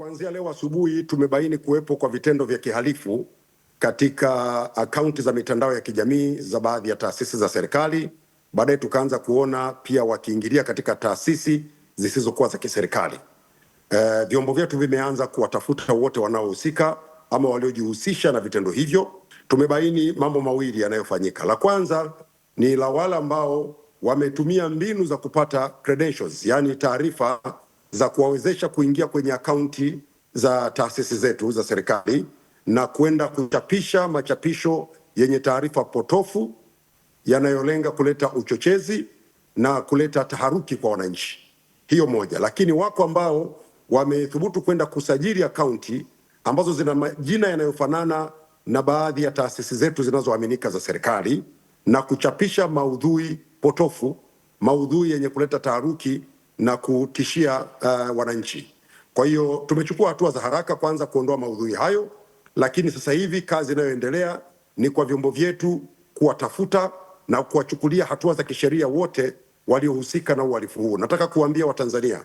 Kuanzia leo asubuhi tumebaini kuwepo kwa vitendo vya kihalifu katika akaunti za mitandao ya kijamii za baadhi ya taasisi za serikali. Baadaye tukaanza kuona pia wakiingilia katika taasisi zisizokuwa za kiserikali. E, vyombo vyetu vimeanza kuwatafuta wote wanaohusika ama waliojihusisha na vitendo hivyo. Tumebaini mambo mawili yanayofanyika. La kwanza ni la wale ambao wametumia mbinu za kupata credentials, yani taarifa za kuwawezesha kuingia kwenye akaunti za taasisi zetu za serikali na kwenda kuchapisha machapisho yenye taarifa potofu yanayolenga kuleta uchochezi na kuleta taharuki kwa wananchi. Hiyo moja, lakini wako ambao wamethubutu kwenda kusajili akaunti ambazo zina majina yanayofanana na baadhi ya taasisi zetu zinazoaminika za serikali na kuchapisha maudhui potofu, maudhui yenye kuleta taharuki na kutishia uh, wananchi. Kwa hiyo tumechukua hatua za haraka, kwanza kuondoa maudhui hayo, lakini sasa hivi kazi inayoendelea ni kwa vyombo vyetu kuwatafuta na kuwachukulia hatua za kisheria wote waliohusika na uhalifu huu. Nataka kuwaambia Watanzania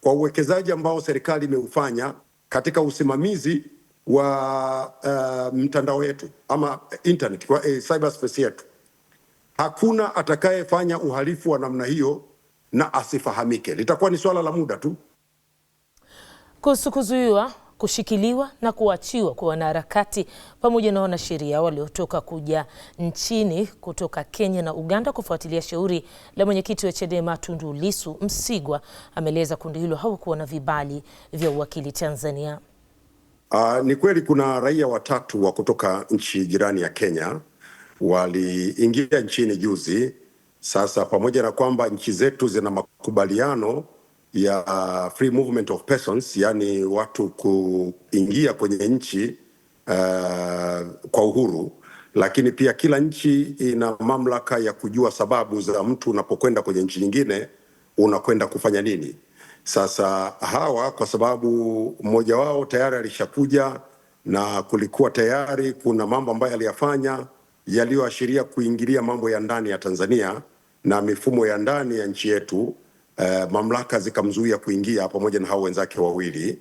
kwa uwekezaji ambao serikali imeufanya katika usimamizi wa uh, mtandao wetu ama internet kwa uh, cyberspace yetu, hakuna atakayefanya uhalifu wa namna hiyo na asifahamike. Litakuwa ni swala la muda tu. Kuhusu kuzuiwa, kushikiliwa na kuachiwa kwa wanaharakati pamoja na wanasheria waliotoka kuja nchini kutoka Kenya na Uganda kufuatilia shauri la mwenyekiti wa Chadema Tundu Lissu, Msigwa ameeleza kundi hilo hawakuwa na vibali vya uwakili Tanzania. Uh, ni kweli kuna raia watatu wa kutoka nchi jirani ya Kenya waliingia nchini juzi sasa pamoja na kwamba nchi zetu zina makubaliano ya free movement of persons, yani watu kuingia kwenye nchi uh, kwa uhuru, lakini pia kila nchi ina mamlaka ya kujua sababu za mtu unapokwenda kwenye nchi nyingine unakwenda kufanya nini. Sasa hawa kwa sababu mmoja wao tayari alishakuja na kulikuwa tayari kuna mambo ambayo aliyafanya yaliyoashiria kuingilia mambo ya ndani ya Tanzania na mifumo ya ndani ya nchi yetu eh, mamlaka zikamzuia kuingia pamoja na hao wenzake wawili,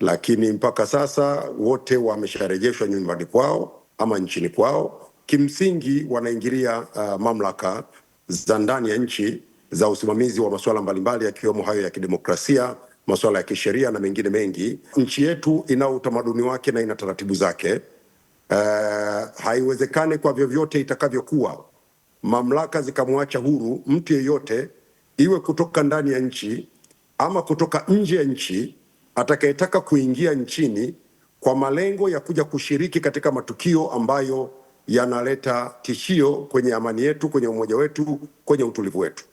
lakini mpaka sasa wote wamesharejeshwa nyumbani kwao ama nchini kwao. Kimsingi wanaingilia uh, mamlaka za ndani ya nchi za usimamizi wa masuala mbalimbali yakiwemo hayo ya kidemokrasia, masuala ya kisheria na mengine mengi. Nchi yetu ina utamaduni wake na ina taratibu zake. Uh, haiwezekani kwa vyovyote itakavyokuwa mamlaka zikamwacha huru mtu yeyote, iwe kutoka ndani ya nchi ama kutoka nje ya nchi, atakayetaka kuingia nchini kwa malengo ya kuja kushiriki katika matukio ambayo yanaleta tishio kwenye amani yetu, kwenye umoja wetu, kwenye utulivu wetu.